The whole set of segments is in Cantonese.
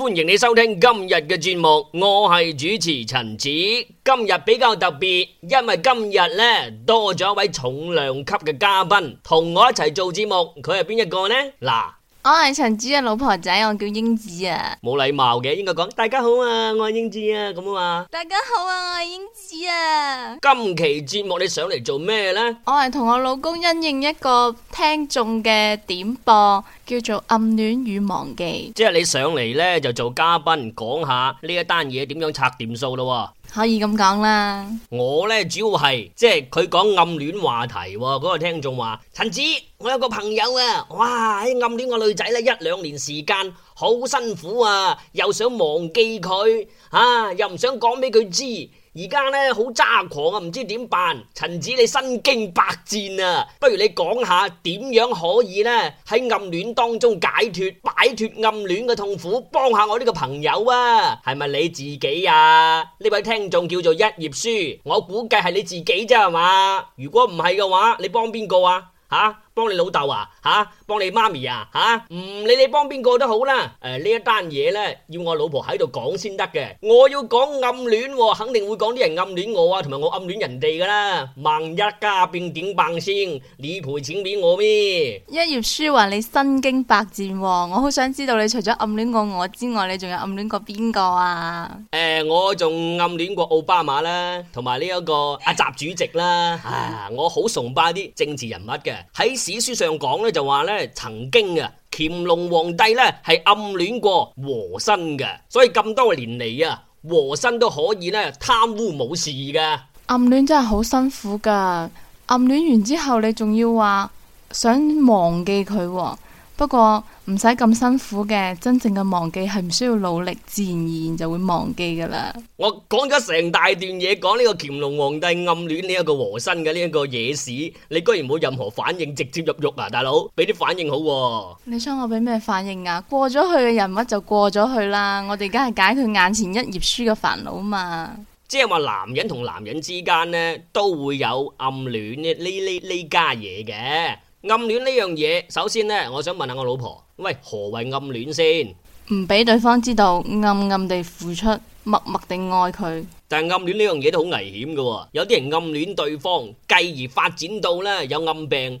歡迎你收聽今日嘅節目，我係主持陳子，今日比較特別，因為今日咧多咗一位重量級嘅嘉賓同我一齊做節目，佢係邊一個呢？嗱。我係陳子嘅老婆仔，我叫英子啊。冇禮貌嘅，應該講，大家好啊，我係英子啊，咁啊嘛。大家好啊，我係英子啊。啊啊，今期節目你上嚟做咩呢？我係同我老公因應一個聽眾嘅點播，叫做暗戀與忘記。即係你上嚟呢，就做嘉賓，講下呢一單嘢點樣拆掂數咯。可以咁講啦，我呢主要係，即係佢講暗戀話題嗰個聽眾話陳子，我有個朋友啊，哇，暗戀個女仔呢一兩年時間好辛苦啊，又想忘記佢啊，又唔想講俾佢知。而家咧好揸狂啊，唔知點辦？陳子你身經百戰啊，不如你講下點樣可以咧喺暗戀當中解脱擺脫暗戀嘅痛苦，幫下我呢個朋友啊？係咪你自己啊？呢位聽眾叫做一頁書，我估計係你自己啫，係嘛？如果唔係嘅話，你幫邊個啊？啊幫你老豆啊，吓、啊，幫你媽咪啊，吓、啊，唔、嗯、理你幫邊個都好啦、啊。誒、呃，一呢一單嘢咧，要我老婆喺度講先得嘅。我要講暗戀、哦，肯定會講啲人暗戀我啊，同埋我暗戀人哋噶啦。萬一家變點辦先？你賠錢俾我咩？一頁書話你身經百戰、哦，我好想知道你除咗暗戀過我之外，你仲有暗戀過邊個啊？誒、呃，我仲暗戀過奧巴馬啦，同埋呢一個阿習主席啦。啊， 我好崇拜啲政治人物嘅喺。史書上講咧，就話咧曾經啊乾隆皇帝咧係暗戀過和珅嘅，所以咁多年嚟啊和珅都可以咧貪污冇事噶。暗戀真係好辛苦噶，暗戀完之後你仲要話想忘記佢。不過唔使咁辛苦嘅，真正嘅忘記係唔需要努力，自然而然就會忘記噶啦。我講咗成大段嘢講呢個乾隆皇帝暗戀呢一個和珅嘅呢一個野史，你居然冇任何反應，直接入獄啊，大佬！俾啲反應好喎。你想我俾咩反應啊？過咗去嘅人物就過咗去啦，我哋梗係解決眼前一頁書嘅煩惱嘛。即係話男人同男人之間呢，都會有暗戀呢呢呢呢家嘢嘅。暗戀呢樣嘢，首先呢，我想問下我老婆，喂，何為暗戀先？唔俾對方知道，暗暗地付出，默默地愛佢。但係暗戀呢樣嘢都好危險嘅，有啲人暗戀對方，繼而發展到呢，有暗病。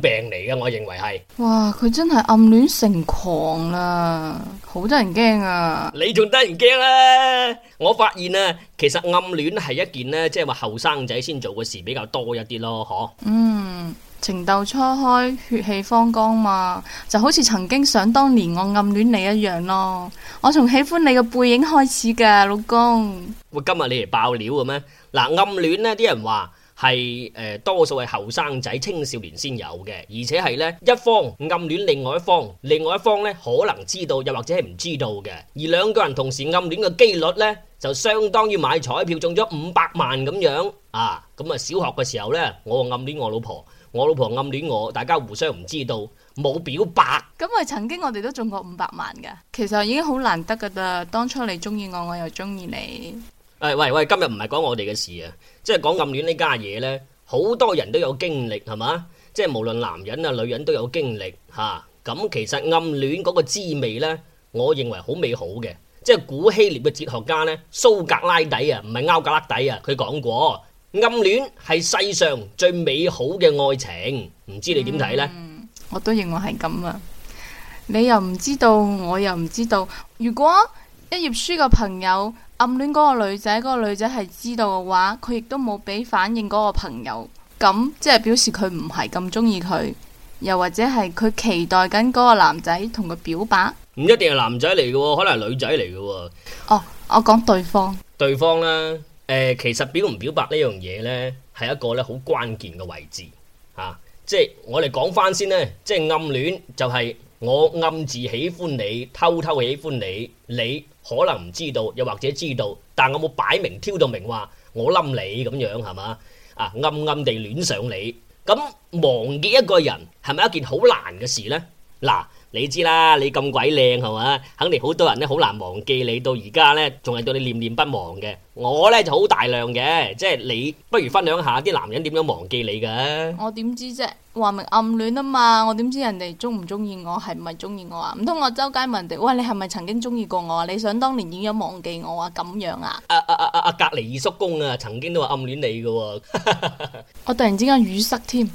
病嚟噶，我認為係。哇，佢真係暗戀成狂啦，好得人驚啊！啊你仲得人驚啊！我發現咧、啊，其實暗戀係一件呢，即係話後生仔先做嘅事比較多一啲咯，嗬？嗯，情竇初開，血氣方剛嘛，就好似曾經想當年我暗戀你一樣咯。我從喜歡你嘅背影開始噶，老公。喂，今日你嚟爆料嘅咩？嗱，暗戀呢啲人話。係誒、呃，多數係後生仔、青少年先有嘅，而且係呢，一方暗戀另外一方，另外一方呢可能知道，又或者係唔知道嘅，而兩個人同時暗戀嘅幾率呢，就相當於買彩票中咗五百萬咁樣啊！咁、嗯、啊，小學嘅時候呢，我暗戀我老婆，我老婆暗戀我，大家互相唔知道，冇表白。咁啊、嗯，曾經我哋都中過五百萬噶，其實已經好難得噶啦。當初你中意我，我又中意你。喂喂喂，今日唔係講我哋嘅事啊，即係講暗戀呢家嘢呢，好多人都有經歷係嘛，即係無論男人啊、女人都有經歷吓。咁其實暗戀嗰個滋味呢，我認為好美好嘅。即係古希臘嘅哲學家呢，蘇格拉底啊，唔係歐格拉底啊，佢講過暗戀係世上最美好嘅愛情。唔知你點睇呢？嗯，我都認為係咁啊。你又唔知道，我又唔知道。如果一頁書嘅朋友。暗戀嗰個女仔，嗰個女仔係知道嘅話，佢亦都冇俾反應嗰個朋友，咁即係表示佢唔係咁中意佢，又或者係佢期待緊嗰個男仔同佢表白。唔一定係男仔嚟嘅，可能係女仔嚟嘅。哦，我講對方，對方啦，誒，其實表唔表白呢樣嘢呢，係一個咧好關鍵嘅位置啊！即係我哋講翻先呢，即係暗戀就係。我暗自喜歡你，偷偷喜歡你，你可能唔知道，又或者知道，但我冇擺明挑到明話我冧你咁樣，係嘛？啊，暗暗地戀上你，咁忘記一個人係咪一件好難嘅事呢？嗱，你知啦，你咁鬼靚係嘛，肯定好多人咧，好難忘記你，到而家咧，仲係對你念念不忘嘅。我咧就好大量嘅，即係你不如分享下啲男人點樣忘記你嘅，啊。我點知啫？話明暗戀啊嘛，我點知人哋中唔中意我，係咪中意我啊？唔通我周街問哋？喂，你係咪曾經中意過我啊？你想當年已經忘記我啊？咁樣啊？阿阿阿阿隔籬二叔公啊，曾經都話暗戀你嘅，啊。 我突然之間語塞添。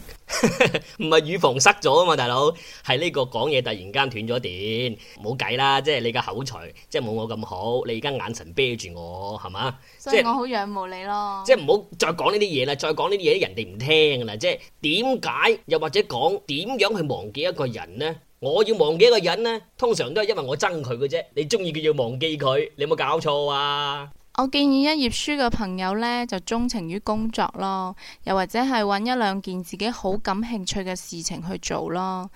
唔係 乳房塞咗啊嘛，大佬係呢個講嘢突然間斷咗電，唔好計啦，即係你嘅口才即係冇我咁好，你而家眼神啤住我係嘛，所以即我好仰慕你咯即。即係唔好再講呢啲嘢啦，再講呢啲嘢人哋唔聽噶啦，即係點解又或者講點樣去忘記一個人呢？我要忘記一個人呢，通常都係因為我憎佢嘅啫，你中意佢要忘記佢，你有冇搞錯啊？我建議一頁書嘅朋友呢，就鍾情於工作咯，又或者係揾一兩件自己好感興趣嘅事情去做咯。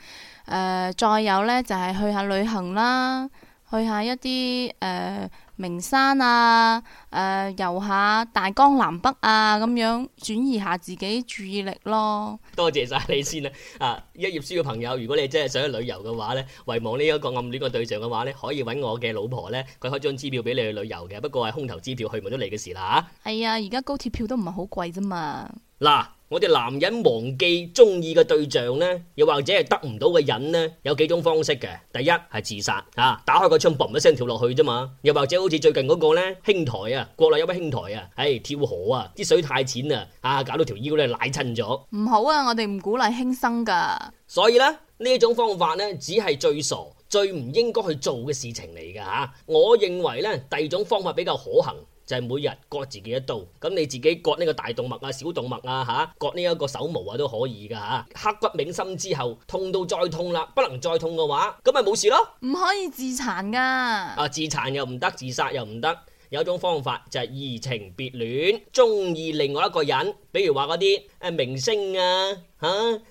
誒、呃，再有呢，就係去下旅行啦，去下一啲誒。呃名山啊，誒、呃、遊下大江南北啊，咁樣轉移下自己注意力咯。多謝晒你先啦，啊一頁書嘅朋友，如果你真係想去旅遊嘅話呢，遺忘呢一個暗戀嘅對象嘅話呢，可以揾我嘅老婆呢，佢開張支票俾你去旅遊嘅，不過係空頭支票去，去唔到你嘅事啦嚇。係啊，而家、哎、高鐵票都唔係好貴啫嘛。嗱。我哋男人忘記中意嘅對象呢，又或者係得唔到嘅人呢，有幾種方式嘅。第一係自殺，吓、啊、打開個窗嘣一聲跳落去啫嘛。又或者好似最近嗰個呢，兄台啊，國內有位兄台啊，唉、哎、跳河啊，啲水太淺啊，啊搞到條腰咧瀨親咗。唔好啊，我哋唔鼓勵輕生噶。所以呢，呢種方法呢，只係最傻、最唔應該去做嘅事情嚟噶吓。我認為呢，第二種方法比較可行。就係每日割自己一刀，咁你自己割呢個大動脈啊、小動脈啊嚇，割呢一個手毛啊都可以噶嚇。刻骨銘心之後，痛到再痛啦，不能再痛嘅話，咁咪冇事咯。唔可以自殘噶。啊，自殘又唔得，自殺又唔得。有一種方法就係移情別戀，中意另外一個人，比如話嗰啲誒明星啊嚇，誒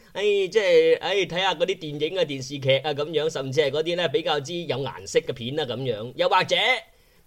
即係誒睇下嗰啲電影啊、電視劇啊咁樣，甚至係嗰啲咧比較之有顏色嘅片啊咁樣，又或者，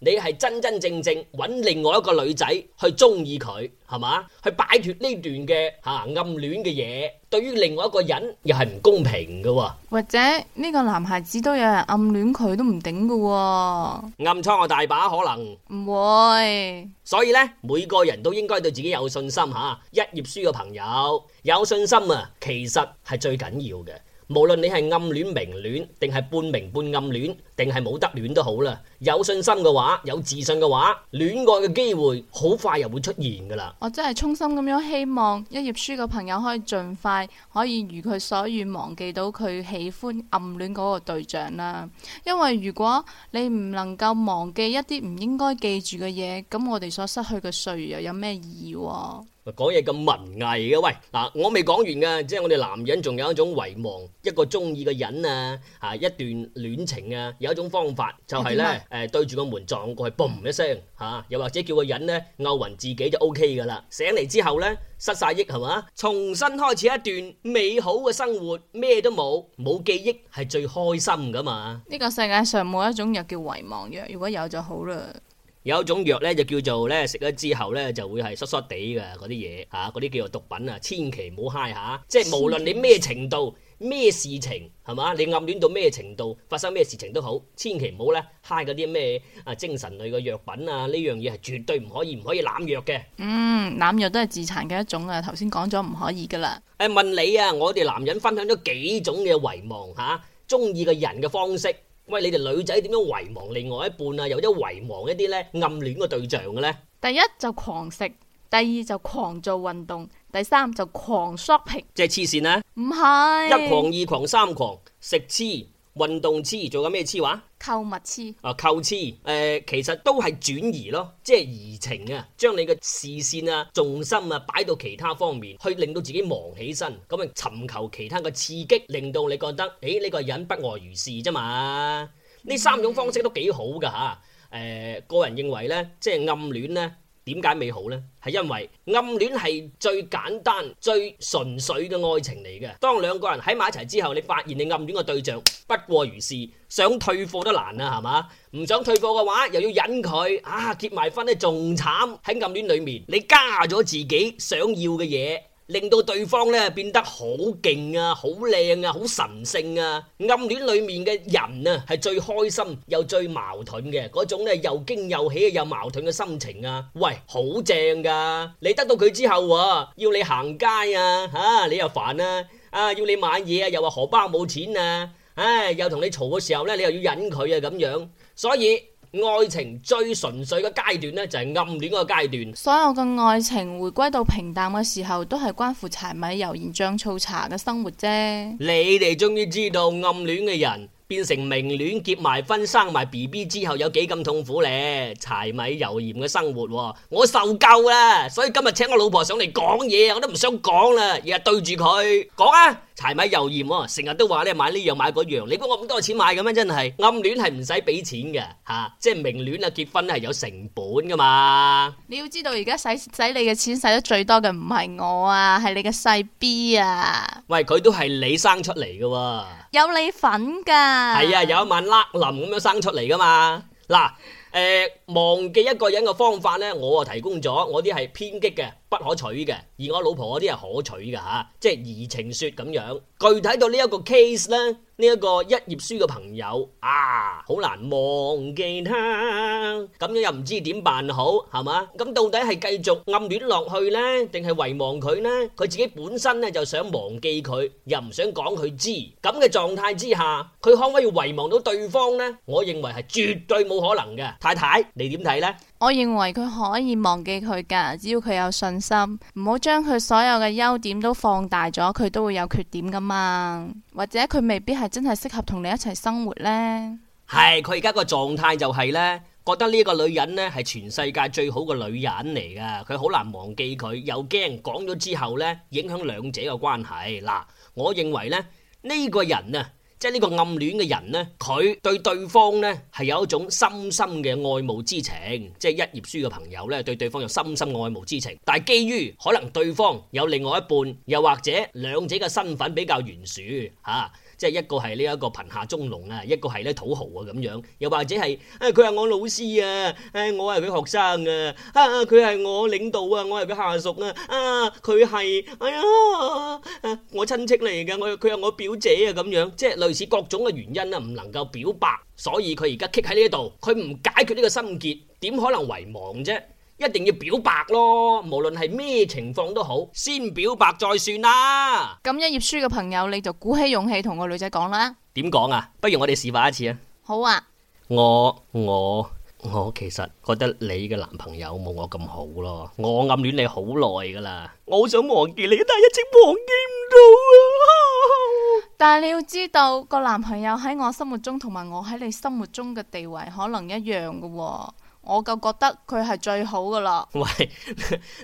你係真真正正揾另外一個女仔去中意佢，係咪？去擺脫呢段嘅吓暗戀嘅嘢，對於另外一個人又係唔公平噶。或者呢個男孩子都有人暗戀佢都唔頂噶。暗瘡我大把可能唔會，所以呢，每個人都應該對自己有信心吓。一頁書嘅朋友，有信心啊，其實係最緊要嘅。無論你係暗戀、明戀定係半明半暗戀，定係冇得戀都好啦，有信心嘅話，有自信嘅話，戀愛嘅機會好快又會出現噶啦。我真係衷心咁樣希望一頁書嘅朋友可以盡快可以如佢所願忘記到佢喜歡暗戀嗰個對象啦。因為如果你唔能夠忘記一啲唔應該記住嘅嘢，咁我哋所失去嘅歲月又有咩意義？講嘢咁文藝嘅，喂，嗱，我未講完噶，即係我哋男人仲有一種遺忘，一個中意嘅人啊，吓一段戀情啊。一種方法就係咧，誒對住個門撞過去，嘣一聲吓，嗯、又或者叫個人咧勾暈自己就 O K 噶啦。醒嚟之後咧，失晒憶係嘛，重新開始一段美好嘅生活，咩都冇，冇記憶係最開心噶嘛。呢個世界上冇一種藥叫遺忘藥，如果有就好啦。有一種藥咧就叫做咧，食咗之後咧就會係濕濕哋噶，嗰啲嘢吓，嗰啲叫做毒品啊，千祈唔好嗨下，即係無論你咩程度。咩事情係嘛？你暗戀到咩程度？發生咩事情都好，千祈唔好咧，揩嗰啲咩啊精神類嘅藥品啊呢樣嘢係絕對唔可以，唔可以濫藥嘅。嗯，濫藥都係自殘嘅一種啊！頭先講咗唔可以㗎喇。誒問你啊，我哋男人分享咗幾種嘅遺忘嚇，中意嘅人嘅方式。喂，你哋女仔點樣遺忘另外一半啊？有咗遺忘一啲咧暗戀嘅對象嘅咧？第一就狂食。第二就狂做運動，第三就狂 shopping，即係痴線啊！唔係一狂二狂三狂，食痴、運動痴做緊咩痴話？購物痴哦，購痴誒，其實都係轉移咯，即係移情啊，將你嘅視線啊、重心啊擺到其他方面，去令到自己忙起身，咁啊尋求其他嘅刺激，令到你覺得誒呢個人不外如是咋嘛？呢、嗯、三種方式都幾好噶吓，誒、呃、個人認為呢，即係暗戀呢。呢點解美好呢？係因為暗戀係最簡單、最純粹嘅愛情嚟嘅。當兩個人喺埋一齊之後，你發現你暗戀嘅對象不過如是，想退貨都難啦，係嘛？唔想退貨嘅話，又要忍佢啊！結埋婚咧，仲慘。喺暗戀裡面，你加咗自己想要嘅嘢。令到對方咧變得好勁啊，好靚啊，好神聖啊。暗戀裡面嘅人啊，係最開心又最矛盾嘅嗰種咧，又驚又喜又矛盾嘅心情啊。喂，好正㗎！你得到佢之後啊，要你行街啊，嚇、啊、你又煩啦啊，啊，要你買嘢啊，又話荷包冇錢啊，唉、啊，又同你嘈嘅時候咧，你又要忍佢啊，咁樣，所以。愛情最純粹嘅階段咧，就係暗戀嗰個階段。所有嘅愛情回歸到平淡嘅時候，都係關乎柴米油鹽醬醋茶嘅生活啫。你哋終於知道暗戀嘅人變成明戀，結埋婚生埋 B B 之後有幾咁痛苦咧？柴米油鹽嘅生活，我受夠啦，所以今日請我老婆上嚟講嘢，我都唔想講啦，日日對住佢講啊！係咪又厭喎？成日都話你買呢樣買嗰樣，你估我咁多錢買嘅咩？真係暗戀係唔使俾錢嘅嚇，即係明戀啊！結婚咧係有成本㗎嘛。你要知道，而家使使你嘅錢使得最多嘅唔係我啊，係你嘅細 B 啊。喂，佢都係你生出嚟嘅喎，有你份㗎。係啊，有一晚甩林咁樣生出嚟㗎嘛。嗱，誒，忘記一個人嘅方法咧，我啊提供咗，我啲係偏激嘅。不可取嘅，而我老婆嗰啲係可取嘅嚇。啊，即係移情說咁樣。具體到呢一個 case 呢，呢一個一頁書嘅朋友啊，好難忘記他，咁樣又唔知點辦好係嘛？咁到底係繼續暗戀落去呢？定係遺忘佢呢？佢自己本身咧就想忘記佢，又唔想講佢知，咁嘅狀態之下，佢可唔可以遺忘到對方呢？我認為係絕對冇可能嘅。太太，你點睇呢？我認為佢可以忘記佢噶，只要佢有信心，唔好將佢所有嘅優點都放大咗，佢都會有缺點噶嘛。或者佢未必係真係適合同你一齊生活呢？係，佢而家個狀態就係呢：覺得呢個女人呢係全世界最好嘅女人嚟噶，佢好難忘記佢，又驚講咗之後呢，影響兩者嘅關係。嗱，我認為呢，呢，呢個人啊。即係呢個暗戀嘅人咧，佢對對方咧係有一種深深嘅愛慕之情，即係一頁書嘅朋友咧，對對方有深深愛慕之情，但係基於可能對方有另外一半，又或者兩者嘅身份比較懸殊嚇。啊即係一個係呢一個貧下中農啊，一個係咧土豪啊咁樣，又或者係誒佢係我老師啊，誒、哎、我係佢學生啊，啊佢係我領導啊，我係佢下屬啊，啊佢係哎呀、啊啊啊啊啊啊啊啊，我親戚嚟嘅，我佢係我表姐啊咁樣，即係類似各種嘅原因啊唔能夠表白，所以佢而家棘喺呢度，佢唔解決呢個心結，點可能遺忘啫？一定要表白咯，無論係咩情況都好，先表白再算啦。咁一頁書嘅朋友，你就鼓起勇氣同個女仔講啦。點講啊？不如我哋示範一次啊？好啊。我我我其實覺得你嘅男朋友冇我咁好咯。我暗戀你好耐噶啦，我好想忘記你，但係一直忘記唔到，啊、 但係你要知道，個男朋友喺我心目中同埋我喺你心目中嘅地位可能一樣噶。我就覺得佢係最好噶啦。喂，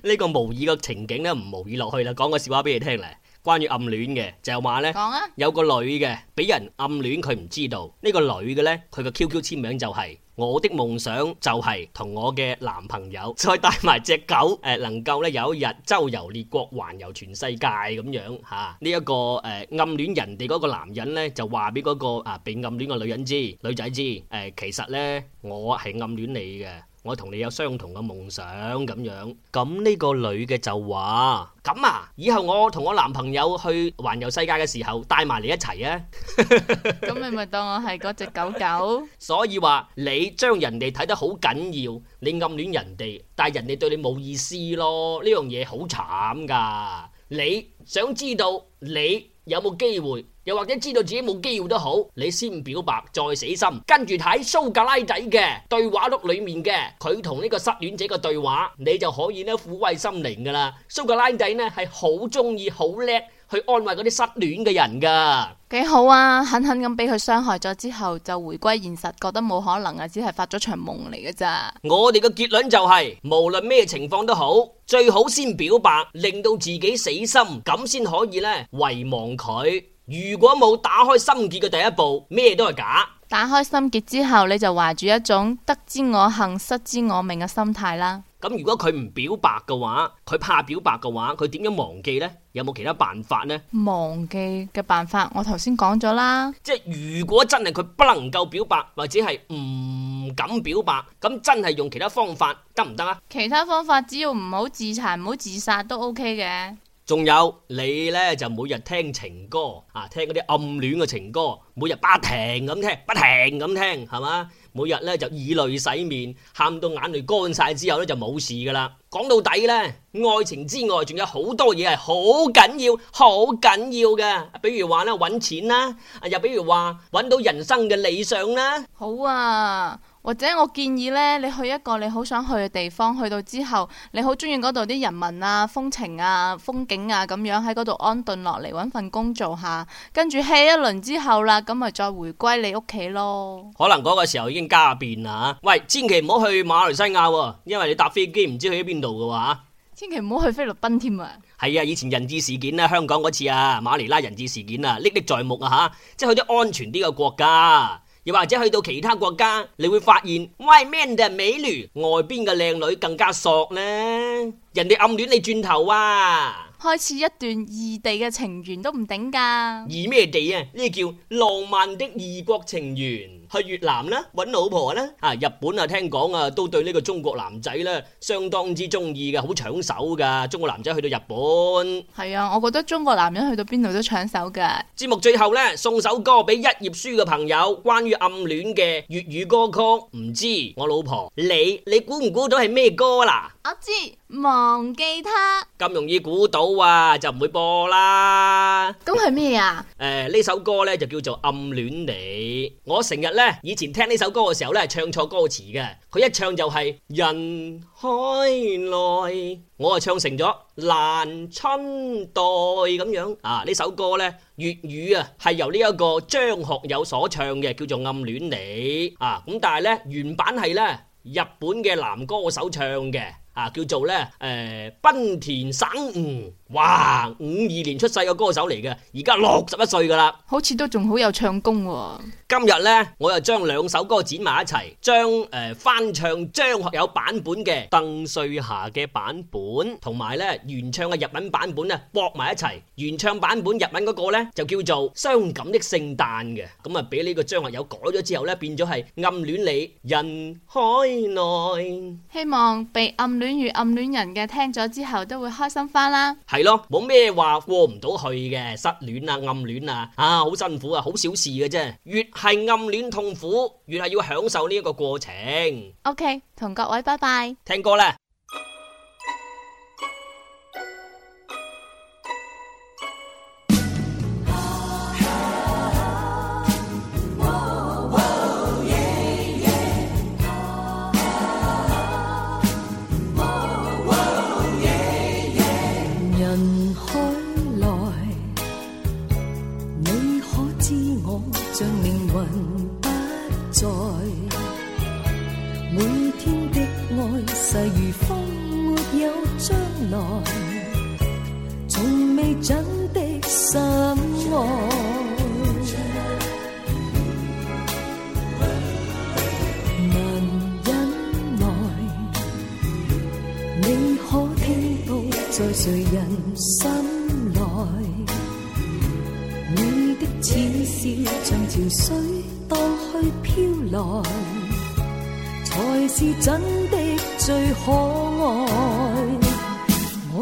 呢個模擬嘅情景咧，唔模擬落去啦，講個笑話俾你聽咧，關於暗戀嘅，就話咧，講啊有個女嘅俾人暗戀，佢唔知道，呢個女嘅咧，佢個 QQ 簽名就係。我的夢想就係同我嘅男朋友再帶埋隻狗，誒，能夠咧有一日周遊列國、環遊全世界咁樣吓。呢一個誒暗戀人哋嗰個男人咧，就話俾嗰個啊被暗戀嘅女人知，女仔知，誒，其實咧我係暗戀你嘅。我同你有相同嘅夢想咁樣，咁呢個女嘅就話咁啊，以後我同我男朋友去環遊世界嘅時候，帶埋你一齊啊。咁你咪當我係嗰隻狗狗。所以話你將人哋睇得好緊要，你暗戀人哋，但係人哋對你冇意思咯。呢樣嘢好慘㗎。你想知道你有冇機會？又或者知道自己冇機會都好，你先表白再死心，跟住睇蘇格拉底嘅對話錄裏面嘅佢同呢個失戀者嘅對話，你就可以咧撫慰心靈噶啦。蘇格拉底呢係好中意好叻去安慰嗰啲失戀嘅人噶，幾好啊！狠狠咁俾佢傷害咗之後，就回歸現實，覺得冇可能啊，只係發咗場夢嚟噶咋。我哋嘅結論就係，無論咩情況都好，最好先表白，令到自己死心，咁先可以咧遺忘佢。如果冇打開心結嘅第一步，咩都係假。打開心結之後，你就懷住一種得之我幸，失之我命嘅心態啦。咁如果佢唔表白嘅話，佢怕表白嘅話，佢點樣忘記呢？有冇其他辦法呢？忘記嘅辦法我，我頭先講咗啦。即係如果真係佢不能夠表白，或者係唔敢表白，咁真係用其他方法得唔得啊？其他方法只要唔好自殘、唔好自殺都 OK 嘅。仲有你呢就每日聽情歌啊，聽嗰啲暗戀嘅情歌，每日不停咁聽，不停咁聽，係嘛？每日呢就以淚洗面，喊到眼淚乾晒之後呢就冇事噶啦。講到底呢，愛情之外仲有好多嘢係好緊要、好緊要嘅，比如話呢搵錢啦，又比如話揾到人生嘅理想啦。好啊。或者我建議咧，你去一個你好想去嘅地方，去到之後你好中意嗰度啲人民啊、風情啊、風景啊，咁樣喺嗰度安頓落嚟揾份工做下，跟住 hea 一輪之後啦，咁咪再回歸你屋企咯。可能嗰個時候已經家變啦。喂，千祈唔好去馬來西亞喎，啊，因為你搭飛機唔知去咗邊度嘅喎。千祈唔好去菲律賓添啊。係啊，以前人質事件咧，香港嗰次啊，馬尼拉人質事件啊，歷歷在目啊吓，即係去啲安全啲嘅國家。又或者去到其他國家，你會發現喂咩？就美女外邊嘅靚女更加索呢，人哋暗戀你轉頭啊，開始一段異地嘅情緣都唔頂㗎。異咩地啊？呢叫浪漫的異國情緣。去越南啦，搵老婆啦，啊！日本啊，聽講啊，都對呢個中國男仔啦，相當之中意嘅，好搶手噶。中國男仔去到日本，係啊，我覺得中國男人去到邊度都搶手噶。節目最後咧，送首歌俾一頁書嘅朋友，關於暗戀嘅粵語歌曲。唔知我老婆，你你估唔估到係咩歌啦？我知，忘記他咁容易估到啊，就唔會播啦。咁係咩啊？誒，呢首歌咧就叫做暗戀你，我成日。咧以前聽呢首歌嘅時候咧，唱錯歌詞嘅。佢一唱就係人海內，我啊唱成咗蘭春代咁樣啊。呢首歌咧粵語啊係由呢一個張學友所唱嘅，叫做《暗戀你》啊。咁但係咧原版係咧日本嘅男歌手唱嘅啊，叫做咧誒濱田省吾。哇！五二年出世嘅歌手嚟嘅，而家六十一歲噶啦，好似都仲好有唱功，啊。今日呢，我又將兩首歌剪埋一齊，將誒、呃、翻唱張學友版本嘅鄧瑞霞嘅版本，同埋咧原唱嘅日文版本咧搏埋一齊。原唱版本日文嗰個呢，就叫做《傷感的聖誕》嘅，咁啊俾呢個張學友改咗之後呢，變咗係暗戀你人海內。希望被暗戀與暗戀人嘅聽咗之後都會開心翻啦。係咯，冇咩話過唔到去嘅，失戀啊、暗戀啊，啊好辛苦啊，好小事嘅啫。越係暗戀痛苦，越係要享受呢一個過程。OK，同各位拜拜，聽歌啦。從未真的心愛，難忍耐。你可聽到在誰人心內？你的淺笑像潮水蕩去飄來，才是真的最可愛。